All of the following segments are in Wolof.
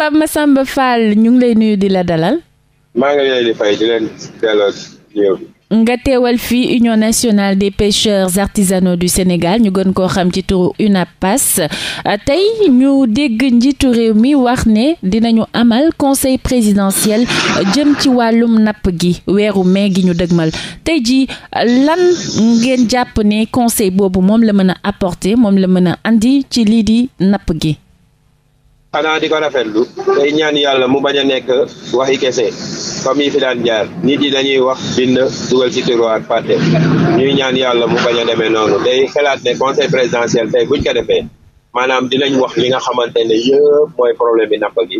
Pape Massamba ñu ngi lay nuyu di la dalal. nga teewal fii Union nationale des pêcheurs artisanaux du Sénégal ñu gën koo xam ci turu UNAPAS euh, tey ñu dégg njiitu réew mi wax ne dinañu amal conseil présidentiel jëm ci wàllum napp gi weeru mai gi ñu dëgmal tey ji lan ngeen jàpp ne conseil boobu moom la mën a apporter moom la mën a indi ci lii di napp gi. xanaa di ko rafetlu day ñaan yàlla mu bañ a nekk waxi kese comme yi fi daan jaar nit yi dañuy wax bind dugal ci tiroir fàtte ñuy ñaan yàlla mu bañ a demee noonu day xalaat ne conseil présidentiel tey buñ ko defee maanaam dinañ wax li nga xamante ne yëpp mooy problème bi napp gi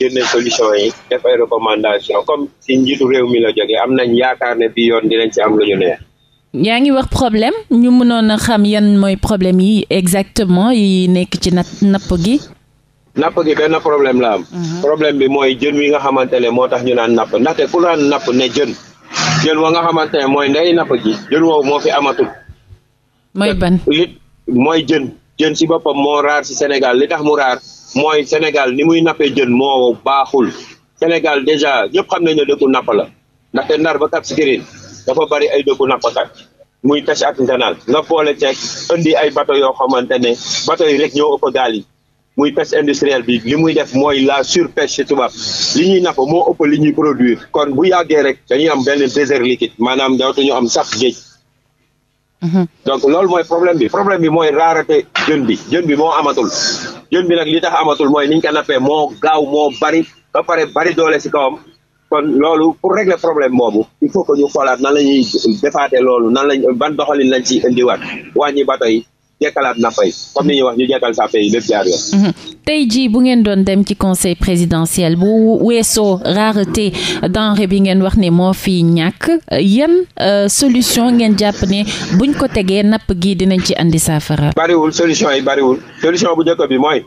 génne solution yi def ay recommandation comme si njiitu réew mi la jógee am nañ yaakaar ne bii yoon dinañ ci am lu ñu neex yaa ngi wax problème ñu mënoon xam yan mooy problème yi exactement yi nekk ci napp gi napp gi benn problème la am. Mhm. problème bi mooy jën wi nga xamante ne moo tax ñu naan napp ndaxte ku naan napp ne jën jën wa nga xamante ne mooy ndey napp gi jën woowu moo fi amatul. mooy jën jën si boppam moo si Sénégal li tax mu raar mooy Sénégal ni muy nappee jën moo baaxul Sénégal déjà ñëpp xam nañ ne dëkku napp la ndaxte Ndar ba Cap Skirring dafa bari ay dëkku nappkat muy pêche ak nga boole ceeg indi ay bateau yoo xamante ne bateau yi rek ñoo ëpp gaal muy pêche industrielle bi li muy def mooy la sur surpêche tubaab li ñuy napp moo ëpp li ñuy produire kon bu yàggee rek dañuy am benn désert liquide maanaam dootuñu am sax géej. Mhm. donc loolu mooy problème bi problème bi mooy rareté jën bi jën bi moo amatul jën bi nag li tax amatul mooy niñ ko nappee moo gaaw moo bari ba pare bari doole si kawam kon loolu pour régler problème moomu il faut que ñu xoolaat nan la ñuy defaatee loolu nan lañ ban doxalin lañ ci indiwaat wàññi bato jekkalaat napp yi comme ni ñu wax ñu jekkal sàpp yi lépp jaar yoon. Mhm. tey jii bu ngeen doon dem ci conseil présidentiel bu weesoo rareté denrée bi ngeen wax ni moo fi ñàkk yan euh, solution ngeen jàpp ne buñ ko tegee napp gi dinañ ci andi saafara. bariwul solution yi bariwul solution bu njëkk bi mooy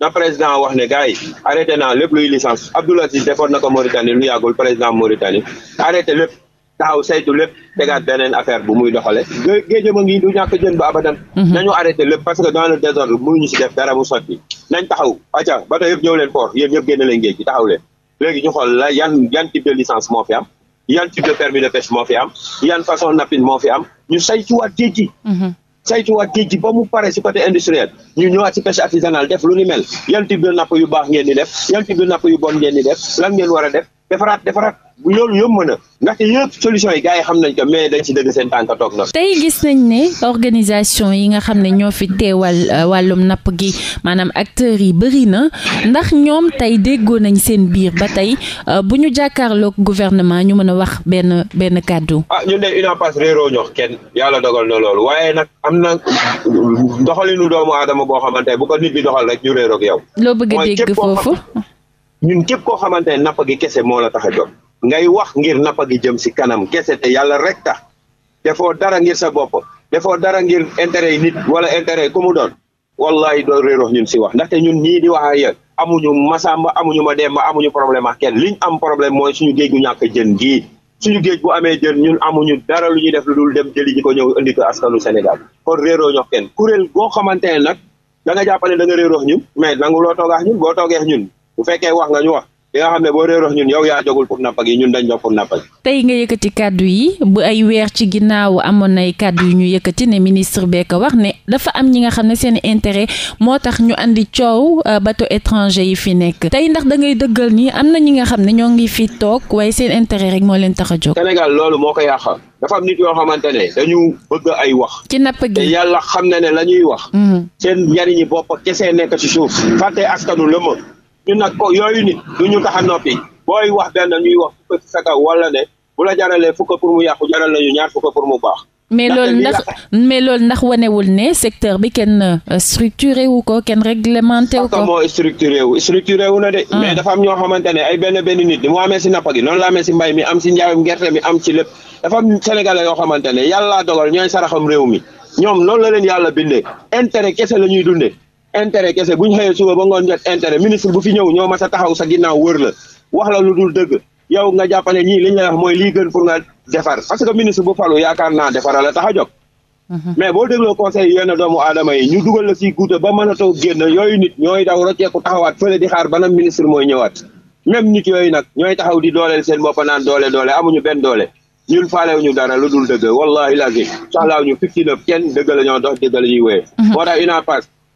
na président wax ne gars yi arrêté naa lépp luy licence Abdoulaye Sy defoon na ko Mauritanie lu yàggul président Mauritanie arrêté lépp. taxaw saytu lépp tegaat beneen affaire bu muy doxale géej ma ngi du ñàkk jën ba abadan mhm. nañu arrêté lépp parce que dans le désordre mënuñu si def dara mu sotti nañ taxaw acca bato yëpp ñëw leen port yéen ñëpp géej gi taxaw leen léegi ñu xool la yan yan de licence moo fi am yan type de permis de pêche moo fi am yan façon nappin moo fi am ñu saytuwaat géej gi mhm. saytuwaat géej gi ba mu pare si côté industriel ñu ñëwaat si pêche artisanale def lu a def defaraat defaraat loolu yomb na ndaxte yëpp solution yi gars yi xam nañ ko mais dañ ci dëgg seen tànk toog na. tey gis nañ ne organisation yi nga xam ne ñoo fi teewal euh, wàllum napp gi maanaam acteurs yi bëri na ndax ñoom tey déggoo nañ seen biir ba tey euh, bu ñu jàkkaarloog gouvernement ñu mën a wax benn benn kàddu. ah ñun de une passe réeroo ñox kenn yàlla dogal na loolu waaye nag am na doxalinu doomu aadama boo xamante bu ko nit bi doxal rek ñu réeroo yow. ñun képp koo xamante ne napp gi kese moo la tax a jóg ngay wax ngir nappa gi jëm si kanam kese te yàlla rek tax defoo dara ngir sa bopp defoo dara ngir intérêt yi nit wala intérêt yi ku mu doon wallahi doo réeroo ñun si wax ndaxte ñun ñii di wax a yéen amuñu masamba amuñu ma demba amuñu problème ak kenn liñ am problème mooy suñu géej gu ñàkk jën gii suñu géej bu amee jën ñun amuñu dara lu ñuy def lu dul dem jëli ñi ko ñëw indi ko askanu Sénégal kon réeroo ñox kenn kuréel goo xamante ne nag da nga jàpp ne nga réeroo ñun mais nangu loo toogaax ñun toogee ñun bu fekkee wax nga ñu wax li nga xam ne boo réer wax ñun yow yaa jogul pour nappak yi ñun dañ jox pour nappak yi tey nga yëkkati kàddu yi bu ay weer ci ginnaaw amoon nay kàddu yu ñu yëkkati ne ministre bee wax ne dafa am ñi nga xam ne seen intérêt moo tax ñu andi coow euh, bateau étranger yi fi nekk tey ndax da ngay dëggal ni am na ñi nga xam ne ñoo ngi fi toog waaye seen intérêt rek moo leen tax a jóg Sénégal loolu moo ko yàqal dafa am nit yoo xamante ne dañu bëgg ay wax ci napp gi te xam na la ñuy wax mm-hmm. seen njariñi kese nekk ci suuf fàtte askanu lëma ñu nag ko yooyu nit du ñu tax a noppi booy wax benn ñuy wax fukk sa kaw wala ne bu la jaralee fukk pour mu yàqu jaral nañu ñaar fukk pour mu baax. mais loolu ndax mais loolu ndax wanewul ne secteur bi kenn euh, structuré wu ko kenn réglementé wu ko. parce que moo structuré wu structuré wu na de. Ah. mais dafa am ñoo xamante ne ay benn benn nit ni mu amee si napp gi noonu la amee si mbay mi am si njaayam gerte mi am si lépp dafa am sénégalais yoo xamante ne yàlla dogal ñooy saraxam réew mi ñoom loolu la leen yàlla bindee intérêt kese la ñuy dundee. intérêt kese bu ñu xëyee suba ba ngoon jot intérêt ministre bu fi ñëw ñoo mas a taxaw sa ginnaaw wër la wax la lu dul dëgg yow nga jàppale ñii li ñu mooy lii gën pour nga defar parce que ministre bu falu na naa a la tax a jóg mhm. mais boo dégloo conseil yenn doomu adama yi ñu dugal la si guuta ba mën a toog génn yooyu nit ñooy daw rocceeku taxawaat fële di xaar banam ministre mooy ñëwaat même nit yooyu nag ñooy taxaw di dooleel seen bopp naan doole doole amuñu benn doole ñun faalewuñu dara lu dul dëgg wallahi lazim saxlaaw ñu fifty neuf kenn dëgg la ñoo dox dëgg la ñuy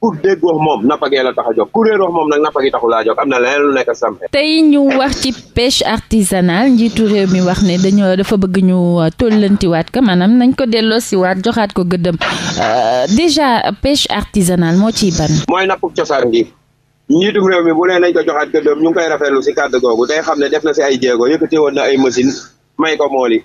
pour déggoo moom napp gee la tax a jóg ku réeroo moom nag napp gi taxu laa jóg am na leneen lu nekk sam tey ñu wax ci pêche artisanale njiitu réew mi wax ne dañoo dafa bëgg ñu euh, tollantiwaat ko maanaam nañ ko delloosiwaat joxaat ko gëddëm euh, déjà pêche artisanale moo ciy ban. mooy napp cosaan gi njiitum réew mi bu nee nañ ko joxaat gëddëm ñu ngi koy rafetlu si kàddu googu tey xam ne def na si ay jéego yëkkati woon na ay machine may ko mool yi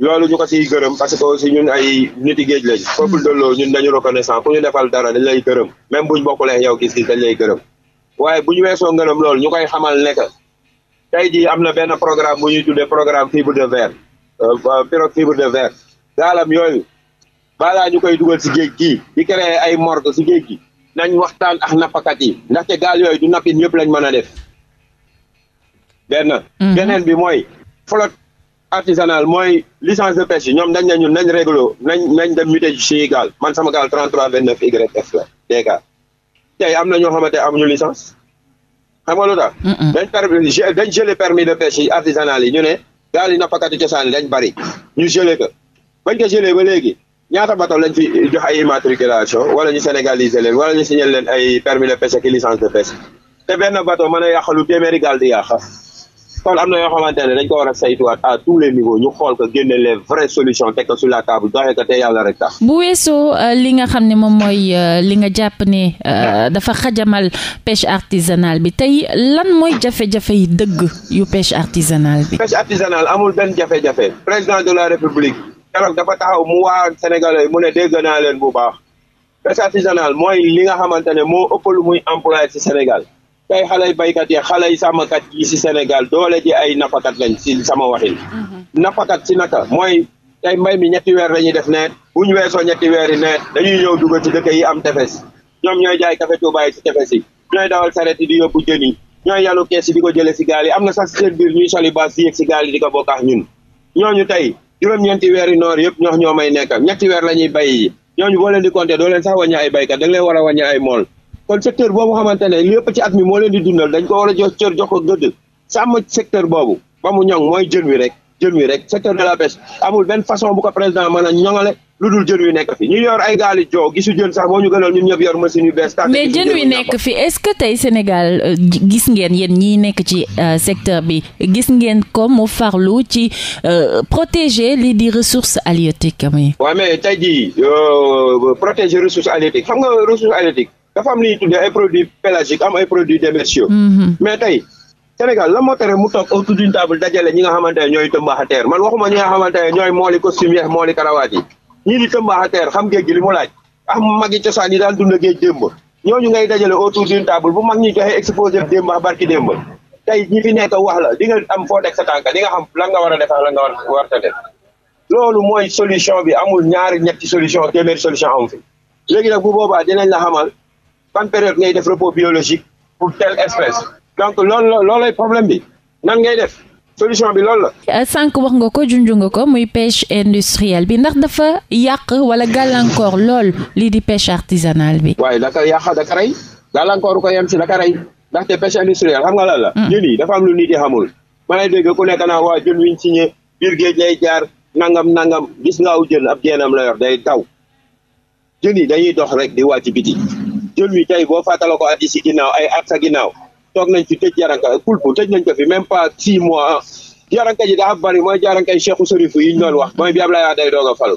loolu ñu ko si gërëm parce que aussi ñun ay niti géej lañ hmm. peuple de ñun dañu reconnaissant ku ñu defal dara dañ lay gërëm même buñ bokkulee yow gis-gis dañ lay gërëm waaye bu ñu weesoo ngërëm loolu ñu koy xamal nekk tey jii am na benn programme bu ñuy tuddee programme fibre de verre euh, pirogue fibre de verre gaalam yooyu balaa ñu koy dugal si géej gi di créer ay morgue si géej gi nañ waxtaan ak nappakat yi ndaxte gaal yooyu du nappin yëpp lañ mën a def benn hmm. artisanal mooy licence de pêche yi ñoom dañ nañu nañ réglo nañ nañ muté ci gaal man sama gaal 33 29 YF la dégg tey am na ñoo xamante amuñu licence xam nga lu tax. dañ permis dañ gelé permis de pêche yi artisanal yi ñu ne gaal yi nappakatu cosaan dañ bari ñu gelé ko bañ ko gelé ba léegi ñaata bato lañ fi jox ay immatriculation wala ñu sénégaliser leen wala ñu signé leen ay permis de pêche ak licence de pêche te benn bato mën a yàqalu téeméeri gaal di yàq. kon am na yoo xamante ne dañ ko war a saytuwaat à tous les niveaux ñu xool ko génne lee vraies solution teg ko sur la table ko te yàlla rek tax. bu weesoo euh, li nga xam ne moom mooy euh, li nga jàpp ne euh, dafa xajamal pêche artisanale bi tey lan mooy jafe-jafe yi dëgg yu pêche artisanale bi. pêche artisanale amul benn jafe-jafe président de la république keroog dafa taxaw mu waa Sénégalais mu ne dégg naa leen bu baax pêche artisanale mooy li nga xamante ne moo ëpp lu muy employé ci Sénégal. tey xale yu béykat yi xale yu sàmmkat yi si Sénégal doole ji ay nafakat lañ si sama waxin. Mhm. nafakat si naka mooy tey mbay mi ñetti weer lañuy def nawet bu ñu weesoo ñetti weer yi nawet dañuy ñëw dugg ci dëkk am tefes ñoom ñooy jaay café Touba yi si tefes yi ñooy dawal saret yi di yóbbu jën yi ñooy yanu kees yi ko jëlee si gaal yi am na sax si seen biir ñuy soli baas di yëg si gaal yi di ko bokkaax ñun ñooñu tey juróom-ñeenti weeri noor yëpp ñoox ñoo may nekk ñetti weer la ñuy bay yi ñooñu boo leen di compter doo leen sax wàññi ay baykat da leen war a wàññi ay mool kon secteur boobu xamante ne lépp ci at mi moo leen di dundal dañ ko war a jox cër jox ko gëdd sàmm secteur boobu ba mu ñoŋ mooy jën wi rek jën wi rek secteur de la pêche amul benn façon bu ko président mën a ñoŋale lu dul jën wi nekk fi ñu yor ay gaali joo gisu jën sax moo ñu gënal ñun ñëpp yor machine yu bees. mais jën wi nekk fi est-ce que tey Sénégal euh, gis ngeen yéen ñiy nekk ci euh, secteur bi gis ngeen ko mu farlu ci euh, protéger lii di ressources halieutiques am yi. waaw mais tey jii protéger ressources halieutiques xam nga ressources halieutiques. dafa am li ñuy tuddee ay produits pélagiques am ay produits démersaux. Mhm. mais tey Sénégal la moo tere mu toog autour d'une table dajale ñi nga xamante ne ñooy tëmbaaxateer man waxuma ñi nga xamante ne ñooy mooli costume yeex mooli karawaat yi ñii di tëmbaaxateer xam géej gi li mu laaj am magi cosaan yi daan dund géej démb ñooñu ngay dajale autour d'une table bu mag ñi joxe exposé démb ak barki démb tey ñi fi nekk wax la di nga am foo teg sa tànk xam lan nga war a def ak lan nga war loolu mooy solution bi amul ñaari ñetti solution téeméeri solution am léegi nag bu boobaa dinañ la xamal ban période ngay def repos biologique pour telle espèce donc loolu la loolay problème bi nan ngay def solution bi loolu la. Euh, sànq wax nga ko junj nga ko muy pêche industrielle bi ndax dafa yàq wala gàllankoor lool lii di pêche artisanale bi. waaye daka yàq daka rey gàllankooru ko yem si daka rey ndaxte pêche industrielle xam nga lan la. jën hmm. yi dafa am lu nit yi xamul. ma lay dégg ku nekk naa waa jën wiñ signé biir géej lay jaar nangam nangam gis nga aw jën ab jeenam la yor day taw jën yi dañuy dox rek di wàcc biti. jën wi tey boo fàttala ko at yi si ginnaaw ay at sa ginnaaw toog nañ fi tëj jaranka kulpu tëj nañ ko fi même pas six jaranka ah. ji dafa bari mooy jarankay Cheikhou Chérifou yi ñu doon wax mooy bi Abdoulaye Wade day doog a falu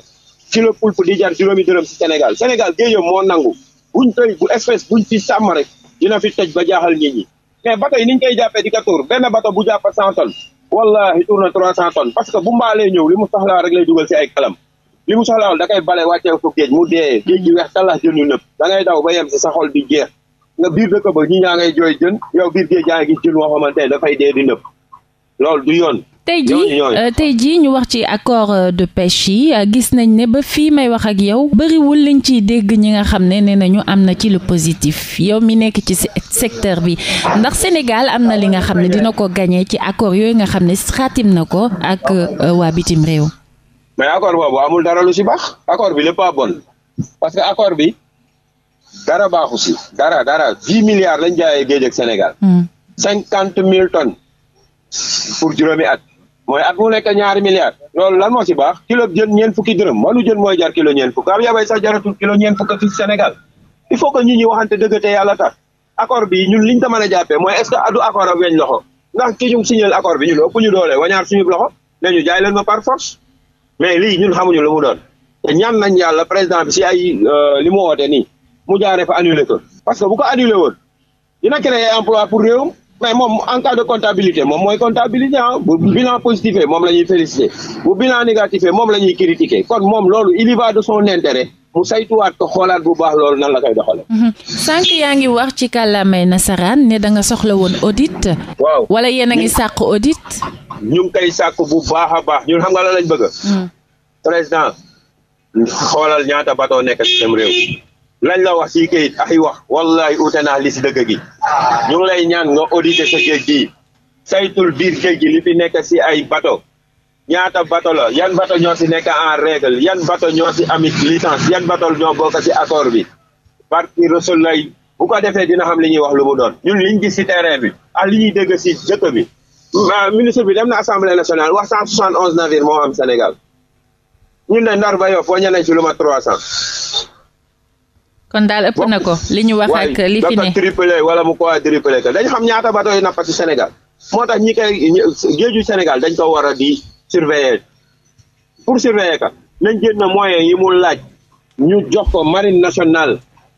kilo pulpe di jar juróomi dërëm si Sénégal Sénégal géejëm moo nangu buñ tëj bu espèce buñ fi sàmm rek dina fi tëj ba jaaxal nit ñi mais bato yi niñ koy jàppee di ka tuur benn bu jàpp cent wallahi tour trois cent parce que bu mbaalee ñëw li mu dugal si ay li mu soxlawul da koy bale wàccee ko géej mu dee géej gi weex talax jëndu nëpp da ngay daw ba yem si sa xol di jeex nga biir dëkk ba ñi ñaa jooy jën yow biir géej yaa ngi gis jën woo dafay dee di nëpp loolu du yoon euh, tey jii ñu wax ci accord euh, de pêche yi euh, gis nañ ne ba fii may wax ak yow bëriwul liñ ci dégg ñi nga xam ne nee nañu am na ci lu positif yow mi nekk ci secteur bi ndax Sénégal am na li nga xam ne dina ko gañee ci accord yooyu nga xam ne xaatim na ko ak waa bitim réew mais accord boobu amul dara lu si baax accord bi lépp bon parce que accord bi dara baaxu si dara dara dix milliards lañ jaayee géej ak Sénégal. Hmm. cinquante mille tonnes pour juróomi at. mooy at mu nekk ñaari milliards loolu lan moo si baax kilo jën ñeent fukki dërëm manu jën mooy jar kilo ñeent fukk am yabay sax jaratul kilo ñeent fukk fii Sénégal il faut que ñu ñi waxante dëgg te yàlla tax accord bi ñun liñ ko mën a jàppee mooy est ce que adu accord ak weñ loxo ndax ki ñu signal accord bi ñun ëpp ñu ñu jaay leen ma par mais lii ñun xamuñu lu mu doon te ñaan nañ yàlla président bi si ay euh, li mu woote nii mu jaaree fa annulé ko parce que bu ko annulé woon dina créer emploi pour réewum mais moom en cas de comptabilité moom mooy comptabilité ah bu bilan positif moom la ñuy félicité bu bilan moom la ñuy critiqué kon moom loolu il y va de son mu saytuwaat ko xoolaat bu baax loolu nan la koy doxale mhm. sànq yaa ngi wax ci kàllaamay nasaraan ne da nga soxla woon audit. waaw wala yéen a ngi sàkk audit. ñu koy sàkk bu baax a baax ñun xam nga la lañ bëgg. Mhm. président xoolal ñaata bateau nekk ci seen réew. lañ la wax ci kayit ay wax wallahi ute naa li ci dëgg gi ñu ngi lay ñaan nga auditer sa géej gi saytul biir géej gi li fi nekk ci ay bateau. ñaata bato la yan bato ñoo ci nekk en règle yan bato ñoo si amit licence yan bato ñoo bokk si accord bi parti Resul lay bu ko defee dina xam li ñuy wax lu mu doon ñun liñ gis si terrain bi ak li ñuy dégg si dëkk bi ministre bi dem na assemblée nationale wax cent soixante onze navire moo am Sénégal ñun ne Ndar ba Yoff waññe nañ si lu ma trois cent kon daal ëpp na ko li ñu wax ak li fi ne triplé wala mu quadruplé que dañ xam ñaata bato yi nappa ci Sénégal moo tax ñi koy géeju Sénégal dañ ko war a di surveiller pour surveiller ka nañ na moyens yi mu laaj ñu jox ko marine nationale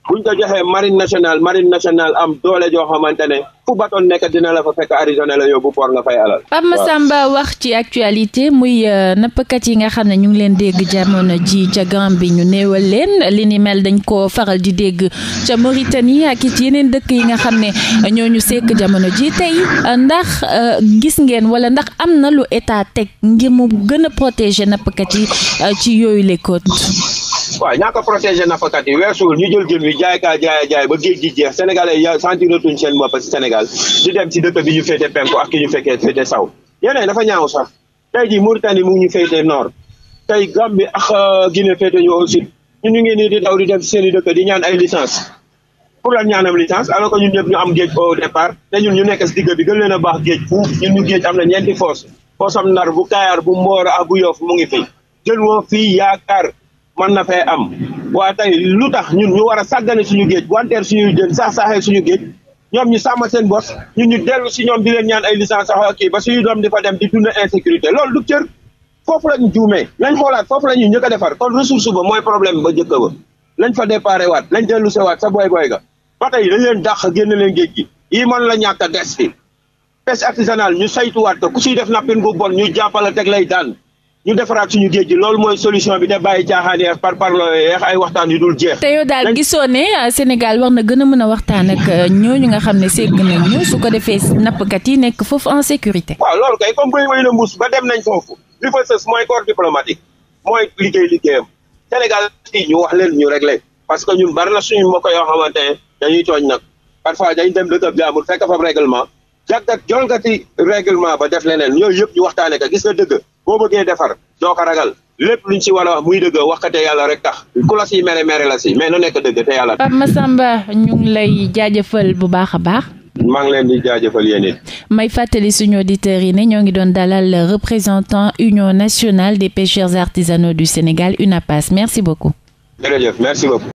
buñ ko joxee marine nationale marine nationale am doole joo xamante ne fu batoon nekk dina la fa fekk Arizona la yóbbu port nga fay alal. Pape wax ci actualité muy euh, nappkat yi nga xam ne ñu ngi leen dégg jamono ji ca Gambie ñu néewal leen li ni mel dañ ko faral di dégg ca Mauritanie ak it yeneen dëkk yi nga xam ne ñu sekk jamono ji tey ndax euh, gis ngeen wala ndax am na lu état teg ngir mu gën a protéger nappkat yi euh, ci yooyu les côtes. waaw ñaa ko protégé nafakat yi weesuwul ñu jël jën jaay kaa jaay jaay ba géej gi jeex sénégalais ya sentiratuñ seen bopp ci Sénégal di dem ci dëkk bi ñu féete penku ak ki ñu fekkee saw yeneen dafa ñaaw sax tey ji Mauritanie mu ñu féete nord tey Gambie ak euh, Guinée féete ñu au sud ñu ngi di daw di dem ci seen i dëkk di ñaan ay licence pour lan ñaanam licence alors que ñun ñëpp ñu am géej au départ te ñun ñu nekk ci digg bi gën leen a baax géej fuuf ñun ñu géej am na ñeenti bu Kayar bu man na fee am waa tey lu tax ñun ñu war a sàggane suñu géej wanteer suñuy jën sax saaxee suñu géej ñoom ñu sàmm seen bos ñun ñu dellu si ñoom bi leen ñaan ay licence sax kii ba suñu doom di fa dem di dund insécurité loolu du cër foofu lañ juumee lañ xoolaat foofu la ñuy njëkk a defar kon ressource ba mooy problème ba njëkk ba lañ fa déparé waat lañ dellu se waat sa boy boy ga ba tey dañ leen dàq génn leen géej gi yi man la ñàkk a des fi pêche artisanale ñu saytuwaat ko ku siy def nappin gu bon ñu jàppale teg lay daan ñu defaraat suñu géej gi loolu mooy solution bi ne bàyyi caaxaan yeex par parloo yeex ay waxtaan yu dul jeex. te yow daal gisoo ne euh, Sénégal war na gën a mën a waxtaan ak euh, ñooñu nga xam ne ségg nañu su ko defee nappkat yi nekk foofu en sécurité. waaw loolu kay comme bay wéy mbuus ba dem nañ foofu li fa sës mooy corps diplomatique mooy liggéey liggéeyam Sénégal fii ñu wax leen ñu réglé parce que ñun bari na suñu mbokk yoo xamante dañuy tooñ nag parfois dem dëkk jaamur fekk fa règlement jàkkat jolgati règlement ba def leneen yooyu yëpp ñu waxtaanee ko gis nga dëgg boo bëggee defar doo ko ragal lépp luñ ci war a wax muy dëgg yàlla rek tax ku la si mere mere la si mais na nekk dëgg te yàlla. Pape Massamba ñu ngi lay jaajëfal bu baax a baax. maa leen di jaajëfal yéen may fàttali suñu auditeurs yi ne ñoo ngi doon dalal représentant Union nationale des pêcheurs artisanaux du Sénégal UNAPAS merci beaucoup. jërëjëf merci beaucoup.